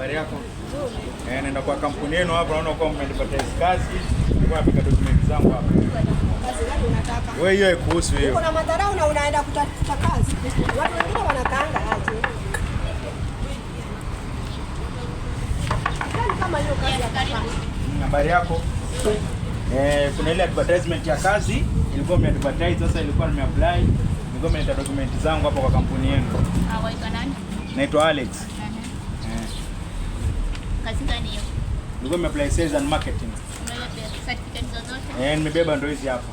Habari yako? Eh, naenda kwa kampuni yenu hapo, naona kwa mmenipatia hizo kazi. Nilikuwa napika document zangu hapa. Kazi gani unataka? Wewe hiyo haikuhusu hiyo. Kuna madharau na unaenda kutafuta kazi. Watu wengine wanakaanga aje. Yaani kama hiyo kazi ya habari yako? Eh, kuna ile advertisement ya kazi ilikuwa imeadvertise, sasa ilikuwa nimeapply. Nilikuwa nimeleta document zangu hapa kwa kampuni yenu. Ah, waika nani? Naitwa Alex kazi gani hiyo? Nilikuwa nimeapply sales and marketing. Certificate zozote? Eh, nimebeba ndio hizi hapo.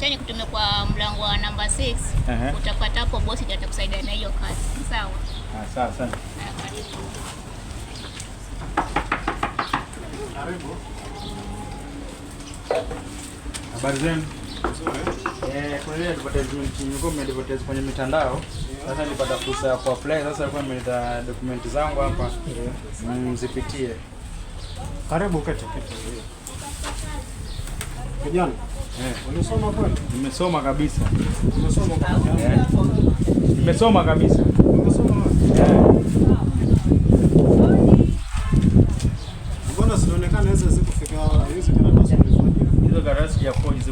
Chani kutume kwa mlango wa namba 6. Utapata hapo bosi ndio atakusaidia na hiyo kazi. Sawa? Ah, sawa sana. Karibu. Habari zenu. Eh, kuna ile advertisement nilikuwa nimeadvertise kwenye mitandao. Sasa nilipata fursa ya kuapply, sasa nilikuwa nimeleta dokumenti zangu hapa. Mzipitie. Karibu kete Kijana. Eh, unasoma kweli? Nimesoma kabisa. Eh. Nimesoma kabisa. Nimesoma kabisa. Nimesoma. Eh.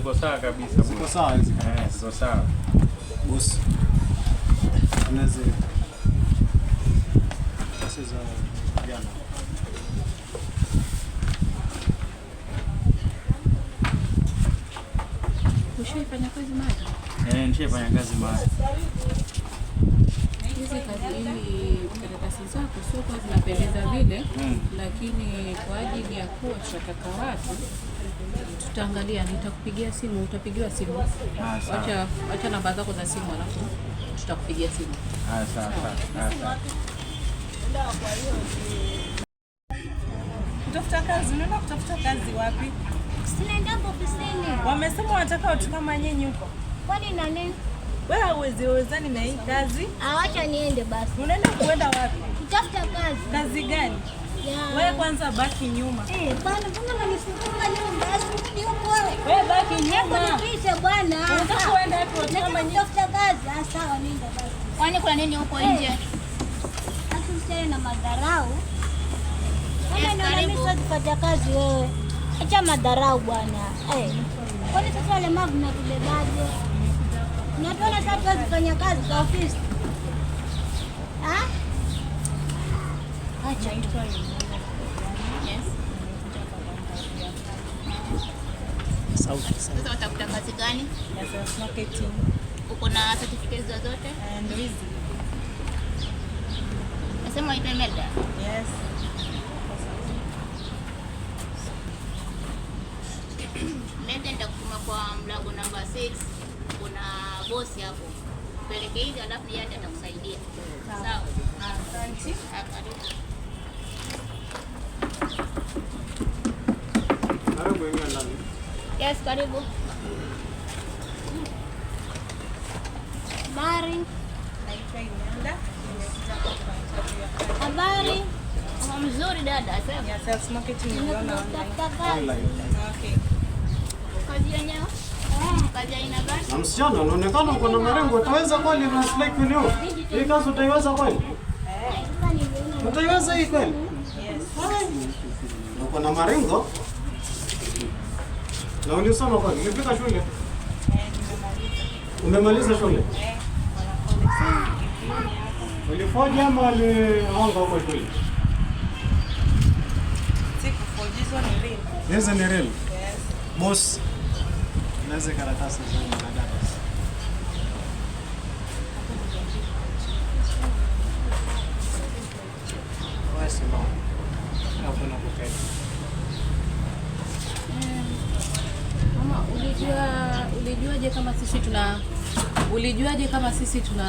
ziko sawa kabisa, ziko sawa hizo, eh, ziko sawa boss. Unaweza sasa jana ushaifanya kazi mara eh? Nishafanya kazi mara hizi kazi hii karatasi zako sio kwa zinapendeza vile, hmm. lakini kwa ajili ya kuwa tunataka watu tutaangalia, nitakupigia simu, utapigiwa simu. Ah, acha acha namba zako za simu, alafu tutakupigia simu. Ah, kutafuta kazi, unaenda kutafuta kazi wapi? Sinaenda ofisini. Wamesema wanataka watu kama nyinyi huko. Kwani nini? Wewe uwezi wezani na hii kazi? Ah, acha niende basi. Unaenda kuenda wapi? Kutafuta kazi. Kazi gani? Wewe kwanza baki nyuma. Eh, bwana, mbona unanifunga huko wewe. baki nyuma. bwana. Unataka Kama ni ah sawa nenda basi. Kwani kuna nini huko eh. nje? Asi usichane na madharau. Kama kupata kazi wewe. Acha madharau bwana. Eh. Kwani sasa walemavu mnatubebaje? Mnatuona sasa kazi kufanya kazi kwa ofisi. Ah? acha kazi gani? Uko na certificates zozote? Nasema ita Imelda. Yes. Imelda, nitakutuma kwa mlango namba 6. Kuna bosi hapo. Peleke hizi alafu yeye atakusaidia. Sawa. Asante. Yes, karibu Mari. Habari? Mzuri dada. Sales marketing Okay. Kazi yenyewe? Eh, na msichana unaonekana uko na marengo, utaweza kweli translate video? Hii kazi utaiweza kweli? Eh. Utaiweza hii kweli? Uko na marengo? Na ulisoma nini? Umefika shule? Eh, umemaliza shule? Eh. Ulifoja ama ulihonga huko shule? fojizo ni real. Yes, ni real. Yes. Boss. Naweza karatasi zangu. ulijuaje kama sisi tuna ulijuaje kama sisi tuna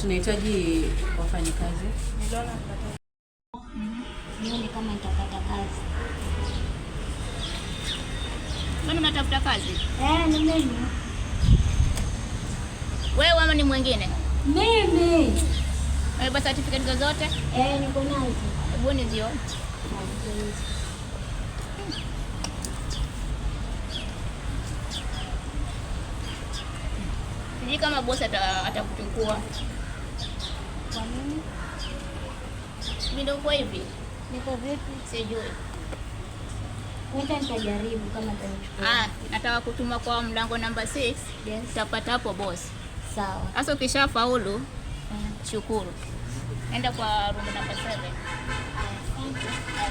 tunahitaji wafanyikazi? Niliona mm-hmm. nione kama nitapata kazi. Mbona unatafuta kazi? Eh, ni mimi. Wewe ama ni mwingine? Mimi. Umebeba certificate zozote? Eh, niko nazo. Hebu nizione. sijui kama bosi atakuchukua kwa nini. Ndio kwa hivi, niko vipi? Sijui, nitajaribu kama atanichukua. Ah, nataka kutuma kwa mlango namba 6. Yes. Tapata hapo bosi. Sawa. Sasa ukisha faulu, mm. Shukuru, enda kwa room namba 7.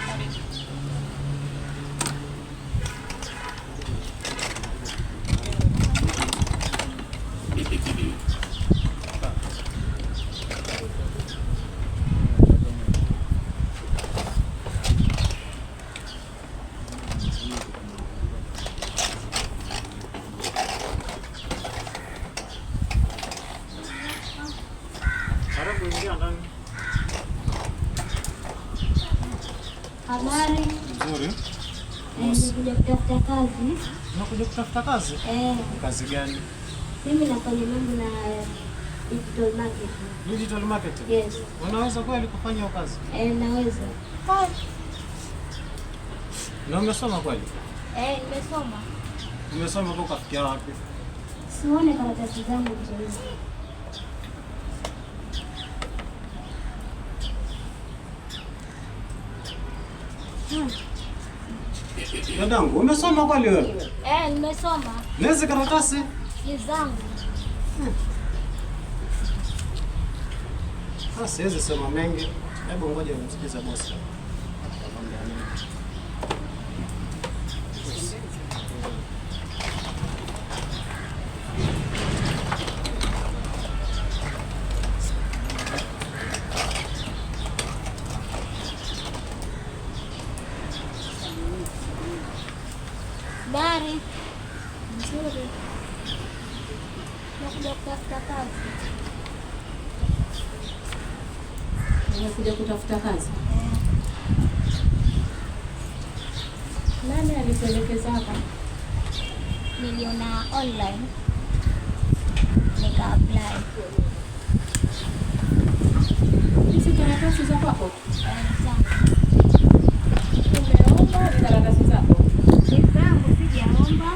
Thank you. Ah, hmm? Unakuja kutafuta kazi eh? Kazi gani? Mimi nafanya mambo na eh, digital marketing. Digital marketing? Yes. Unaweza kweli kufanya hiyo kazi? Eh, naweza. Na umesoma kweli? Eh, nimesoma. Umesoma kwa kufikia wapi? Sione karatasi zangu vizuri. Hmm. Dadangu, umesoma kweli wewe? Eh, nimesoma. Nizi karatasi? Ni zangu. Sasa ah, hmm. siwezi sema mengi. Hebu ngoja nimsikize bosi. Atakwambia nini? Nani alikuelekeza hapa? Niliona online nika apply. Hizi karatasi za kwako? Umeomba karatasi zako? Zangu sijaomba,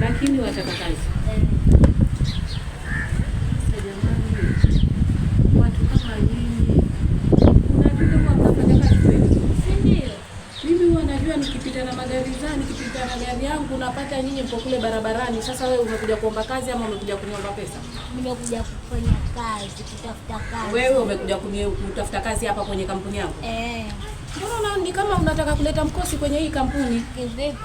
lakini wataka kazi mezani kipita na gari yangu napata nyinyi mko kule barabarani. Sasa wewe umekuja kuomba kazi ama umekuja kuniomba pesa? Nimekuja kufanya kazi, kutafuta kazi. Wewe umekuja kutafuta kazi hapa kwenye kampuni yangu? Eh. Mbona ni kama unataka kuleta mkosi kwenye hii kampuni? Kivipi?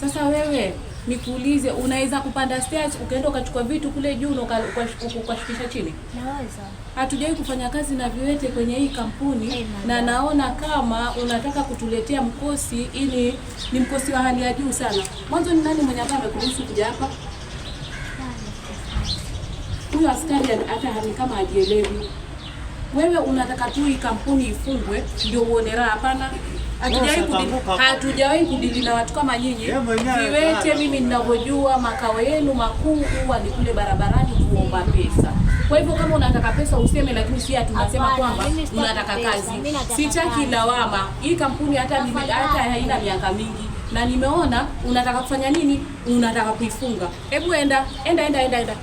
Sasa wewe nikuulize, unaweza kupanda stairs ukaenda ukachukua vitu kule juu na ukashukisha chini? Naweza. Hatujawahi kufanya kazi na viwete kwenye hii kampuni. Hey, na naona kama unataka kutuletea mkosi, ili ni mkosi wa hali ya juu sana. Mwanzo ni nani mwenye ambaye amekuruhusu kuja hapa? Huyo askari hata ni kama ajielewi. Wewe unataka tu hii kampuni ifungwe ndio uone raha? Hapana hatujawahi kudili na watu kama nyinyi viwete. Mimi ninavyojua makao yenu makuu huwa ni kule barabarani kuomba pesa. Kwa hivyo kama unataka pesa useme, lakini si tunasema kwamba unataka kazi. Sitaki lawama. Hii kampuni hata hata haina miaka mingi na nimeona unataka kufanya nini, unataka kuifunga. Hebu enda enda enda enda enda.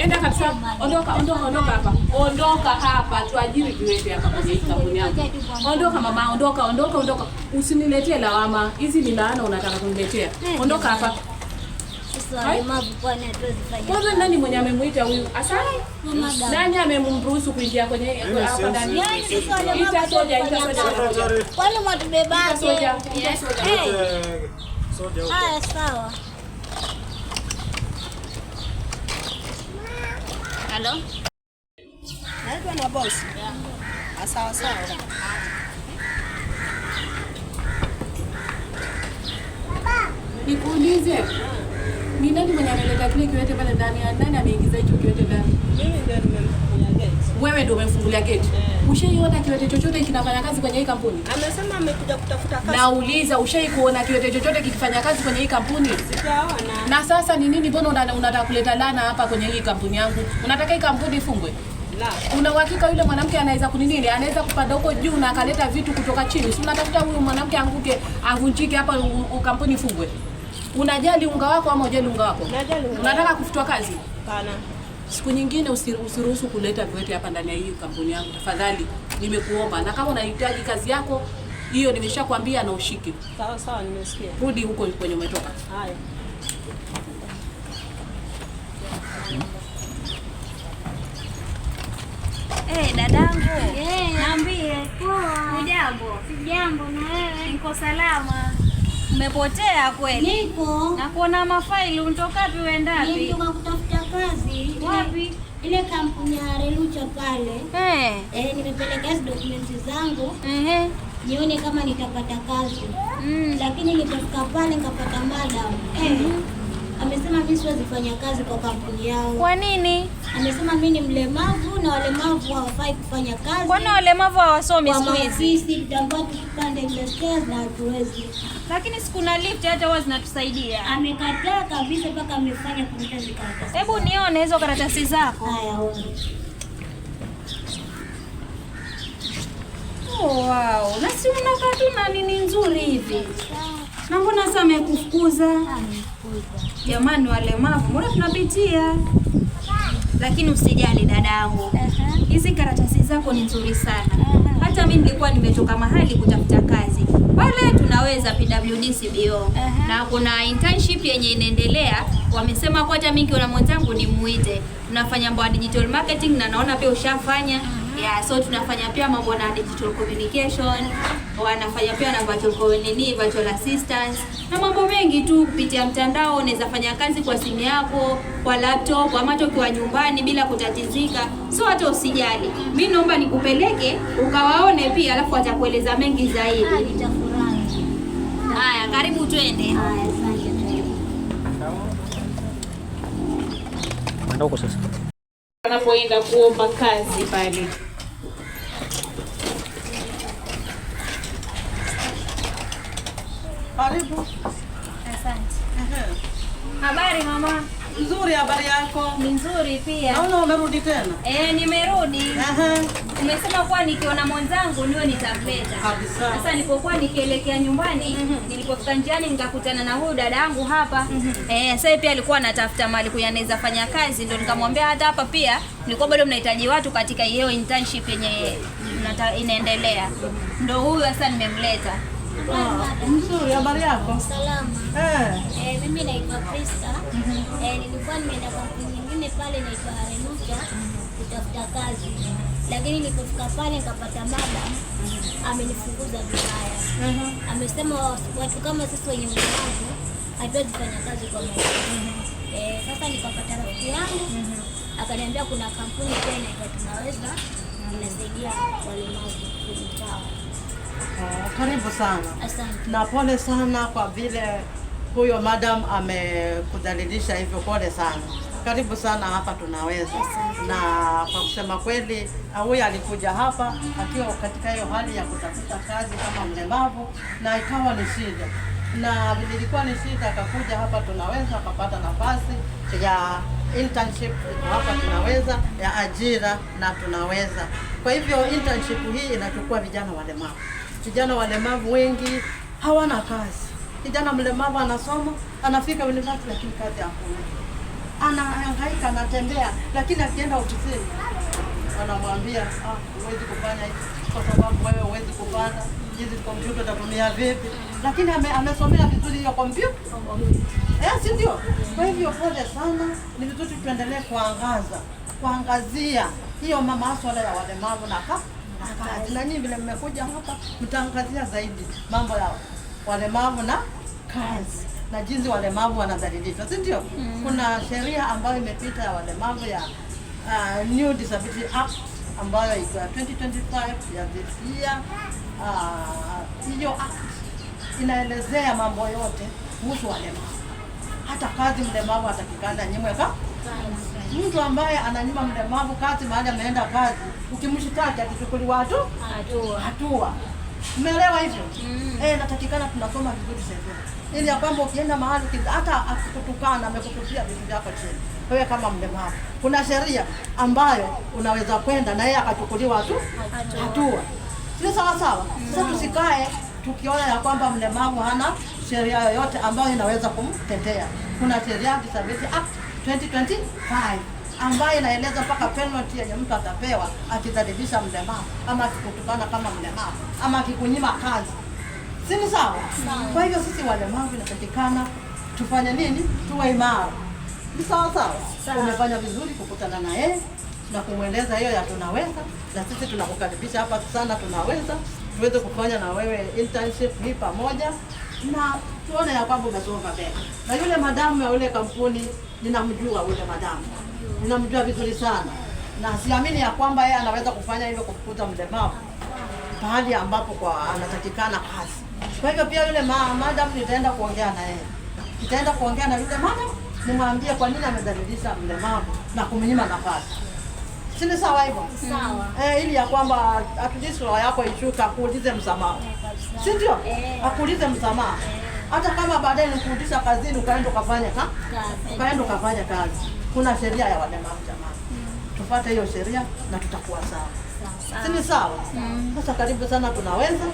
Enda kabisa, ondoka, ondoka, ondoka hapa, ondoka hapa, tuajiri viwete hapa kwenye kampuni yako. Ondoka mama, ondoka, ondoka, ondoka, usiniletee lawama hizi. Ni laana unataka kuniletea? Ondoka hapa. Kwanza nani mwenye amemwita huyu? Asali? Nani amemruhusu kuingia kwenye hapa ndani? Ita soja, ita soja. Kwani mwatubebake? Ita soja. Haya sawa. Halo, naitwa na bosi. Ah, sawa sawa. Nikuulize, ni nani mwenye ameleta kile kiwete pale ndani? Nani ameingiza hicho kiwete ndani? Mimi ndio nimempa wewe ndio umemfungulia geti. Eh. Ushaiona kiwete chochote kinafanya kazi kwenye hii kampuni? Amesema amekuja kutafuta kazi. Nauliza, ushai kuona kiwete chochote kikifanya kazi kwenye hii kampuni? Sijaona. Na sasa ni nini, mbona unataka kuleta lana hapa kwenye hii kampuni yangu? Unataka hii kampuni ifungwe? Una uhakika yule mwanamke anaweza kuninini? anaweza kupanda huko juu na akaleta vitu kutoka chini? Si unatafuta huyu mwanamke anguke, avunjike hapa, kampuni ifungwe? Unajali unga wako ama unajali unga wako? Unataka kufutwa kazi? Hapana. Siku nyingine usiruhusu kuleta viwete hapa ndani ya hii kampuni yangu tafadhali, nimekuomba. Na kama unahitaji kazi yako hiyo, nimeshakwambia na ushike. Sawa sawa, nimesikia. Rudi huko kwenye umetoka. Haya. Hey, eh, dadangu. Hey, eh, niambie. Poa. Hujambo? Sijambo na wewe? Niko salama. Umepotea kweli? Niko. Na kuona mafaili unatoka wapi uenda wapi? Niko kutafuta kazi wapi? Ile kampuni ya Relucha pale. Eh. Eh, nimepeleka documents zangu. Eh. Nione kama nitapata kazi. Mm. Lakini nilipofika pale nikapata madam. Eh. Mm -hmm. Amesema mimi siwezi fanya kazi kwa kampuni yao. Kwa nini? amesema mimi ni mlemavu na walemavu hawafai kufanya kazi. Kwani walemavu hawasomi siku hizi? Tutakuwa tukipanda ile stairs na hatuwezi. Lakini siku na lift hata huwa zinatusaidia. Amekataa kabisa mpaka amefanya kuleta karatasi. Hebu nione hizo karatasi zako. Haya, ona. Oh, wow. Na si unakaa tu na nini nzuri hivi. Na mbona sasa amekufukuza? Amekufukuza. Jamani, walemavu mbona tunapitia? lakini usijali dadangu, hizi karatasi zako ni nzuri sana. Hata mimi nilikuwa nimetoka mahali kutafuta kazi pale, tunaweza PWDCBO na kuna internship yenye inaendelea. Wamesema kwa hata mimi na mwenzangu nimuite muite, tunafanya mambo ya digital marketing na naona pia ushafanya. Aha. Yeah, so tunafanya pia mambo na digital communication, wanafanya pia na virtual nini, virtual assistance na mambo mengi tu kupitia mtandao. Unaweza fanya kazi kwa simu yako, kwa laptop ama hata ukiwa nyumbani bila kutatizika, so hata usijali. Mi naomba nikupeleke ukawaone pia, alafu watakueleza mengi zaidi. Ah, Haya, karibu twende. Wanapoenda kuomba kazi pale Karibu. Asante. Habari mama? Nzuri, habari yako? Ni nzuri pia. Naona umerudi tena? Eh, nimerudi. Umesema kuwa nikiona mwenzangu niwe nitamleta. Kabisa. Sasa nilipokuwa nikielekea nyumbani, mm -hmm. nilipofika njiani nikakutana na huyu dada yangu hapa. Mm -hmm. Eh, sasa pia alikuwa anatafuta mali kuyaneza fanya kazi, ndio nikamwambia hata hapa pia nilikuwa bado mnahitaji watu katika hiyo internship yenye inaendelea. Ndio huyu sasa nimemleta. Mzuri, habari yako? Salama. Eh. Eh, mimi naitwa Krista. Mhm. Eh, nilikuwa nimeenda kampuni nyingine pale naitwa Renuka kutafuta kazi, lakini nilipofika pale nikapata mada amenifunguza vibaya. Mhm. Amesema watu kama sisi wenye ulemavu hatuwezi kufanya kazi kwa -hmm. Eh, sasa nikapata rafiki yangu mhm. akaniambia kuna kampuni tena inaitwa Tunaweza inasaidia walemavu mtaa. Oh, karibu sana. Asante. Na pole sana kwa vile huyo madam amekudhalilisha hivyo, pole sana. Karibu sana hapa Tunaweza. Asante. Na kwa kusema kweli, huyo alikuja hapa akiwa katika hiyo hali ya kutafuta kazi kama mlemavu na ikawa ni shida, na nilikuwa ni shida, akakuja hapa Tunaweza akapata nafasi ya internship hapa Tunaweza ya ajira na Tunaweza. Kwa hivyo internship hii inachukua vijana walemavu vijana walemavu wengi hawana kazi. Kijana mlemavu anasoma, anafika university, lakini kazi hakuna, anahangaika, anatembea, lakini akienda ofisini wanamwambia ah, kufanya hivi kwa sababu wewe huwezi kupanda hizi kompyuta, utatumia vipi? Lakini ame, amesomea vizuri hiyo kompyuta eh, si ndio? Kwa hivyo pole sana, ni vizuri tuendelee kuangaza kuangazia hiyo mama masuala ya walemavu na nani, vile mmekuja hapa, mtaangazia zaidi mambo ya walemavu na kazi na jinsi walemavu wanadhalilishwa, si ndio? Mm. Kuna sheria ambayo imepita ya walemavu ya uh, New Disability Act ambayo iko 2025 ya this year. Uh, hiyo uh, act inaelezea mambo yote kuhusu walemavu, hata kazi mlemavu atakikana nyimweka Mtu ambaye ananyima mlemavu kazi mahali ameenda kazi, ukimshitaki akichukuliwa hatu hatua. Umeelewa hivyo? mm. Eh, natakikana tunasoma vizuri sasa, ili ya kwamba ukienda mahali hata akikutukana amekutupia vitu vyako chini, wewe kama mlemavu, kuna sheria ambayo unaweza kwenda na yeye akachukuliwa tu hatua, sio sawa sawa? Sasa mm. tusikae tukiona ya kwamba mlemavu hana sheria yoyote ambayo inaweza kumtetea. Kuna sheria Disability Act 2025 ambayo inaeleza mpaka penalty yenye mtu atapewa akizadibisha mlemavu ama akikutukana kama mlemavu ama akikunyima kazi, si ni sawa? Kwa hivyo sisi walemavu inatakikana tufanye nini? Tuwe imara. Ni sawa sawa, umefanya vizuri kukutana na yeye na kumweleza hiyo ya tunaweza, na sisi tunakukaribisha hapa sana, tunaweza tuweze kufanya na wewe internship hii pamoja na tuone ya kwamba umesoma vyema. Na yule madamu ya yule kampuni ninamjua, yule madamu ninamjua vizuri sana, na siamini ya kwamba yeye anaweza kufanya hivyo, kufukuza mlemavu pahali ambapo kwa anatakikana kazi. Kwa hivyo pia yule ma, madamu nitaenda kuongea na yeye, nitaenda kuongea na yule madamu nimwambie kwa nini amedhalilisha mlemavu na kumnyima nafasi. Si ni sawa hivyo? Sawa. Eh, ili ya kwamba at least roho yako ishuka, akuulize msamaha, si ndio? Eh. Akuulize msamaha hata kama baadaye nikurudisha kazini ukaenda ukafanya ukaenda ukafanya kazi. Kuna sheria ya walemavu jamani, mm. tupate hiyo sheria na tutakuwa sawa, si ni sawa? Mm. Sasa karibu sana, tunaweza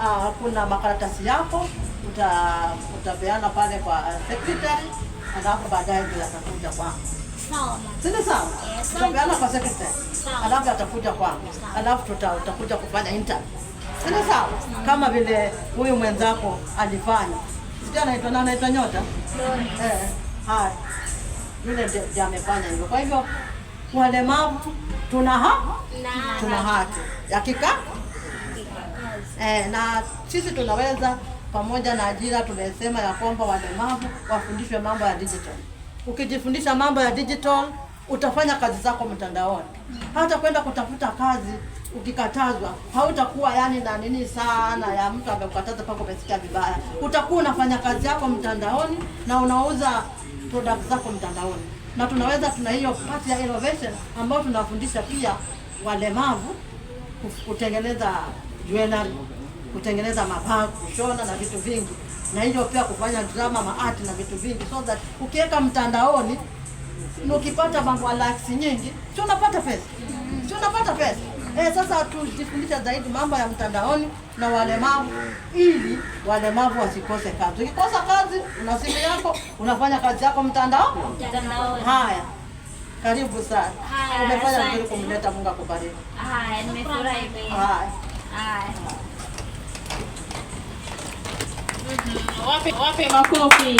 ah, kuna makaratasi yako utapeana pale kwa eh, secretary, alafu baadaye ndio atakuja kwangu, si ni sawa? Eh, utapeana kwa secretary, alafu atakuja kwangu, alafu tutakuja kufanya interview. sawa? Mm. kama vile huyu mwenzako alifanya anaitwa na anaitwa Nyota eh, haya yule ndiye amefanya hivyo. Kwa hivyo walemavu tuna ha tuna haki hakika eh, na sisi tunaweza pamoja na ajira tumesema ya kwamba walemavu wafundishwe mambo ya digital. Ukijifundisha mambo ya digital utafanya kazi zako mtandaoni, hata kwenda kutafuta kazi ukikatazwa hautakuwa yani na nini sana ya mtu amekukataza pako umesikia vibaya. Utakuwa unafanya kazi yako mtandaoni na unauza products zako mtandaoni, na tunaweza tuna hiyo part ya innovation ambayo tunafundisha pia walemavu kutengeneza jewelry, kutengeneza mapaa, kushona na vitu vingi, na hiyo pia kufanya drama maati na vitu vingi, so that ukiweka mtandaoni, ukipata mambo nyingi, si unapata pesa, si unapata pesa Eh, sasa tujifundishe zaidi mambo ya mtandaoni na walemavu, ili walemavu wasikose kazi. Ukikosa kazi, una simu yako, unafanya kazi yako mtandaoni. Haya, karibu sana. Umefanya vizuri kumleta. Mungu akubariki. Haya, nimefurahi mimi. Haya. Haya, mhm, wape wape makofi.